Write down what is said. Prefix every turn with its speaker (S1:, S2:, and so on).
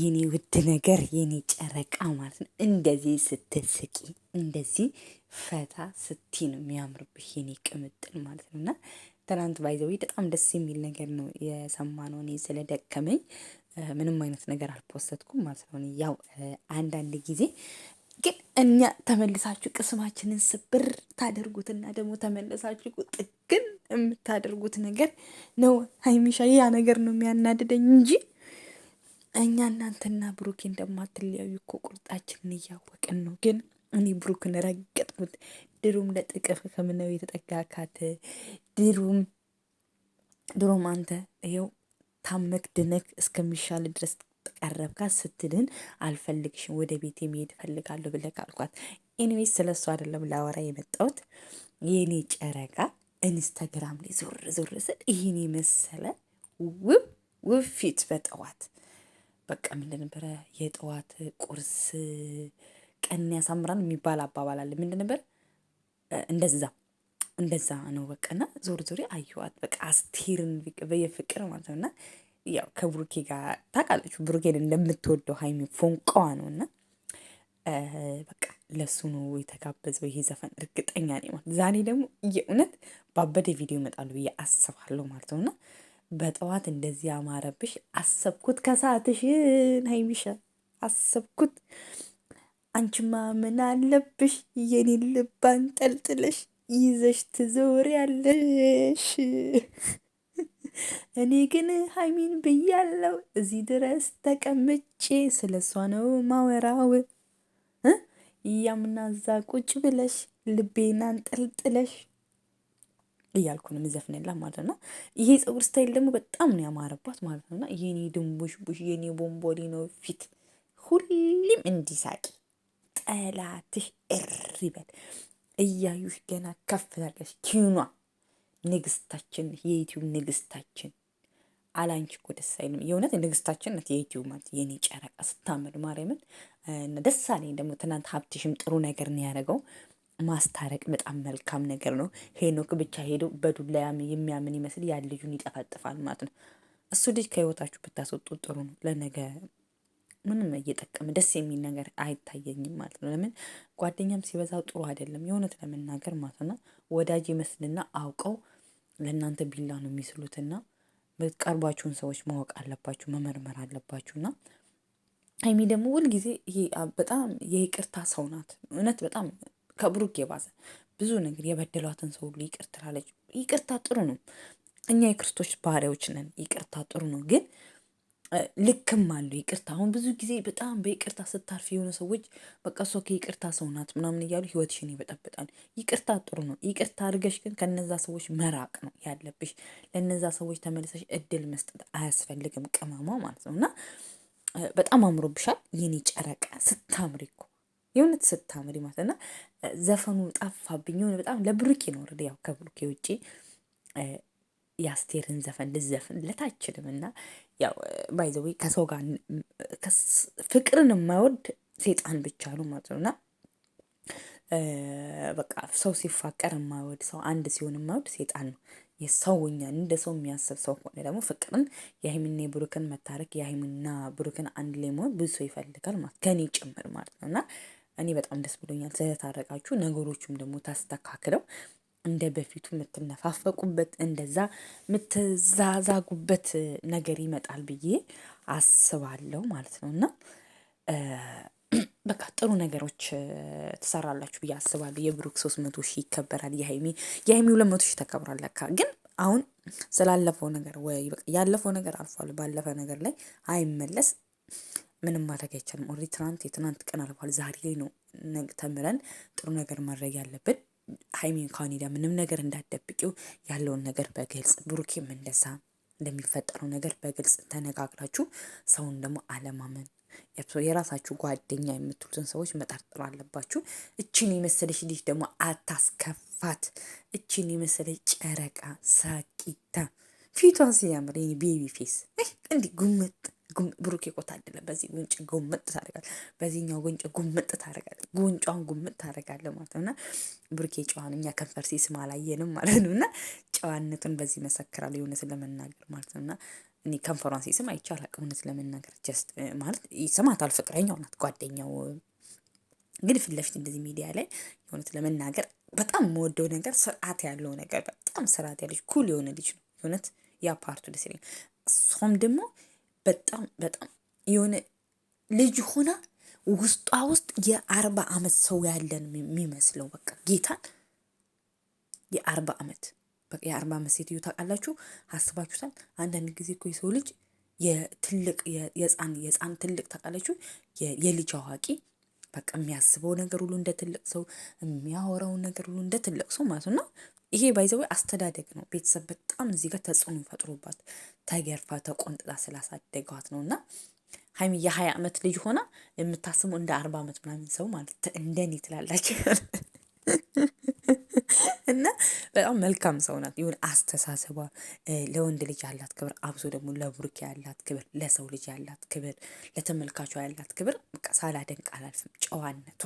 S1: የኔ ውድ ነገር የኔ ጨረቃ ማለት ነው። እንደዚህ ስትስቂ እንደዚህ ፈታ ስቲ ነው የሚያምርብሽ የኔ ቅምጥል ማለት ነው። እና ትናንት ባይዘዊ በጣም ደስ የሚል ነገር ነው የሰማነው። እኔ ስለደከመኝ ምንም አይነት ነገር አልፖሰትኩም ማለት ነው። ያው አንዳንድ ጊዜ ግን እኛ ተመልሳችሁ ቅስማችንን ስብር ታደርጉትና ደግሞ ተመልሳችሁ ጥግን የምታደርጉት ነገር ነው ሀይሚሻ። ያ ነገር ነው የሚያናድደኝ እንጂ እኛ እናንተና ብሩክ እንደማትለያዩ እኮ ቁርጣችንን እያወቅን ነው። ግን እኔ ብሩክን ረገጥኩት። ድሩም ለጥቅፍ ከምነው የተጠጋካት ድሩም ድሮም አንተ ይኸው ታመክ ድነክ እስከሚሻል ድረስ ቀረብካት። ስትድን አልፈልግሽም ወደ ቤት የሚሄድ ፈልጋለሁ ብለህ ካልኳት ኤኒዌይስ ስለ እሱ አይደለም ላወራ የመጣሁት። የኔ ጨረቃ ኢንስታግራም ላይ ዞር ዞር ስል ይህን የመሰለ ውብ ውብ ፊት በጠዋት በቃ ምንድን ነበረ የጠዋት ቁርስ ቀን ያሳምራን የሚባል አባባል አለ። ምንድን ነበር? እንደዛ እንደዛ ነው በቃ ዞር ዞሪ አየዋት በቃ አስቴርን በየፍቅር ማለት ነው። እና ያው ከብሩኬ ጋር ታውቃለች ብሩኬን እንደምትወደው ሀይሚ ፎንቃዋ ነው። እና በቃ ለሱ ነው የተጋበዘው ይሄ ዘፈን እርግጠኛ ነኝ ማለት ደግሞ የእውነት ባበደ ቪዲዮ ይመጣሉ ብዬ አስባለሁ ማለት ነው እና በጠዋት እንደዚህ አማረብሽ አሰብኩት ከሰዓትሽን ሀይሚሻ አሰብኩት። አንቺማ ምን አለብሽ የኔን ልባን ጠልጥለሽ ይዘሽ ያለሽ እኔ ግን ሀይሚን ብያለው እዚህ ድረስ ተቀምጬ ስለ እሷ ነው ማወራው። ያምናዛ ቁጭ ብለሽ ልቤናን ጠልጥለሽ እያልኩ ነው የምዘፍንላት ማለት ነው። ይሄ ፀጉር ስታይል ደግሞ በጣም ነው ያማረባት ማለት ነው። እና የኔ ቡሽ የኔ ቦምቦሊ ነው ፊት ሁሌም እንዲሳቂ ጠላትሽ እር እያዩሽ ገና ከፍ ታርገሽ ኪኗ ንግስታችን፣ የዩቲዩብ ንግስታችን አላንቺ እኮ ደስ አይልም። የእውነት ንግስታችን ናት የዩቲዩብ ማለት የኔ ጨረቃ ስታምር ማርያምን። ደስ አለኝ ደግሞ ትናንት ሀብትሽም ጥሩ ነገር ነው ያደረገው። ማስታረቅ በጣም መልካም ነገር ነው። ሄኖክ ብቻ ሄዶ በዱላ የሚያምን ይመስል ያን ልጁን ይጠፈጥፋል ማለት ነው። እሱ ልጅ ከህይወታችሁ ብታስወጡ ጥሩ ነው። ለነገ ምንም እየጠቀመ ደስ የሚል ነገር አይታየኝም ማለት ነው። ለምን ጓደኛም ሲበዛ ጥሩ አይደለም፣ የእውነት ለመናገር ማለት ነው። ወዳጅ ይመስልና አውቀው ለእናንተ ቢላ ነው የሚስሉትና ቀርቧችሁን ሰዎች ማወቅ አለባችሁ፣ መመርመር አለባችሁና ሀይሚ ደግሞ ሁልጊዜ በጣም የይቅርታ ሰው ናት። እውነት በጣም ከብሩክ የባሰ ብዙ ነገር የበደሏትን ሰው ሁሉ ይቅር ትላለች። ይቅርታ ጥሩ ነው። እኛ የክርስቶስ ባህሪያዎች ነን። ይቅርታ ጥሩ ነው፣ ግን ልክም አሉ። ይቅርታ። አሁን ብዙ ጊዜ በጣም በይቅርታ ስታርፍ የሆነ ሰዎች በቃ እሷ ከይቅርታ ሰው ናት ምናምን እያሉ ሕይወትሽን ይበጠብጣል። ይቅርታ ጥሩ ነው። ይቅርታ አድርገሽ ግን ከነዛ ሰዎች መራቅ ነው ያለብሽ። ለነዛ ሰዎች ተመልሰሽ እድል መስጠት አያስፈልግም። ቅመማ ማለት ነው እና በጣም አምሮብሻል የኔ ጨረቃ ስታምሪ እኮ የእውነት ስታምሪ ማለት እና ዘፈኑ ጠፋብኝ። የሆነ በጣም ለብሩኬ ነው ወረደ ያው ከብሩኬ ውጪ የአስቴርን ዘፈን ልዘፍን ለታችልም እና ያው ባይዘዌ ከሰው ጋር ፍቅርን የማይወድ ሴጣን ብቻ ነው ማለት ነው እና በቃ ሰው ሲፋቀር የማይወድ ሰው አንድ ሲሆን የማይወድ ሴጣን ነው። የሰውኛን እንደ ሰው የሚያስብ ሰው ከሆነ ደግሞ ፍቅርን የሃይሚና የብሩክን መታረቅ የሃይሚና ብሩክን አንድ ላይ መሆን ብዙ ሰው ይፈልጋል ማለት ከኔ ጭምር ማለት ነው እና እኔ በጣም ደስ ብሎኛል ስለታረቃችሁ። ነገሮቹም ደግሞ ታስተካክለው እንደ በፊቱ የምትነፋፈቁበት እንደዛ የምትዛዛጉበት ነገር ይመጣል ብዬ አስባለሁ ማለት ነው እና በቃ ጥሩ ነገሮች ትሰራላችሁ ብዬ አስባለሁ። የብሩክ ሶስት መቶ ሺህ ይከበራል። የሀይሚ የሀይሚ ሁለት መቶ ሺህ ተከብሯል ለካ ግን አሁን ስላለፈው ነገር ወይ ያለፈው ነገር አልፏል። ባለፈ ነገር ላይ አይመለስ ምንም ማድረግ አይቻልም። ኦልሬዲ ትናንት የትናንት ቀን አልፏል። ዛሬ ላይ ነው ተምረን ጥሩ ነገር ማድረግ ያለብን። ሀይሚን ካኔዳ ምንም ነገር እንዳትደብቂው ያለውን ነገር በግልጽ ብሩኬም እንደዛ እንደሚፈጠረው ነገር በግልጽ ተነጋግራችሁ ሰውን ደግሞ አለማመን የራሳችሁ ጓደኛ የምትሉትን ሰዎች መጠርጠር አለባችሁ። እችን የመሰለች ልጅ ደግሞ አታስከፋት። እችን የመሰለች ጨረቃ ሳቂታ ፊቷ ሲያምር ቤቢ ፌስ እንዲህ ጉምጥ ብሩኬ ቆት አይደለም። በዚህ ጉንጭ ጉምጥ ታደርጋል፣ በዚህኛው ጉንጭ ጉምጥ ታደርጋል፣ ጉንጫውን ጉምጥ ታደርጋለ ማለት ነው። እና ብሩኬ ጨዋን እኛ ከንፈር ሲስም አላየንም ማለት ነው። እና ጨዋነቱን በዚህ መሰክራል የእውነት ለመናገር ማለት ነው። እና እኔ ከንፈሯን ሲስም አይቻል አቅም እውነት ለመናገር ጀስት ማለት ይስማታል። ፍቅረኛው ናት ጓደኛው ግን ፊት ለፊት እንደዚህ ሚዲያ ላይ የእውነት ለመናገር በጣም የምወደው ነገር ስርዓት ያለው ነገር በጣም ስርዓት ያለች ኩል የሆነ ልጅ ነው የእውነት ያ ፓርቱ ደስ ይለኛል። እሷም ደግሞ በጣም በጣም የሆነ ልጅ ሆና ውስጧ ውስጥ የአርባ ዓመት ሰው ያለን የሚመስለው በቃ ጌታን የአርባ ዓመት የአርባ ዓመት ሴትዮ ታውቃላችሁ፣ አስባችሁታል? አንዳንድ ጊዜ እኮ የሰው ልጅ የትልቅ የህፃን የጻን ትልቅ ታውቃላችሁ፣ የልጅ አዋቂ በቃ የሚያስበው ነገር ሁሉ እንደ ትልቅ ሰው፣ የሚያወራው ነገር ሁሉ እንደ ትልቅ ሰው ማለት ነው። ይሄ ባይዘው አስተዳደግ ነው። ቤተሰብ በጣም እዚህ ጋር ተጽዕኖ ይፈጥሩባት ተገርፋ ተቆንጥጣ ስላሳደገዋት ነው እና ሀይሚ የሀያ ዓመት ልጅ ሆና የምታስሙ እንደ አርባ ዓመት ምናምን ሰው ማለት እንደኔ ትላላችሁ እና በጣም መልካም ሰው ናት። ይሁን አስተሳሰቧ ለወንድ ልጅ ያላት ክብር፣ አብሶ ደግሞ ለቡርኪ ያላት ክብር፣ ለሰው ልጅ ያላት ክብር፣ ለተመልካቿ ያላት ክብር በቃ ሳላደንቅ አላልፍም። ጨዋነቷ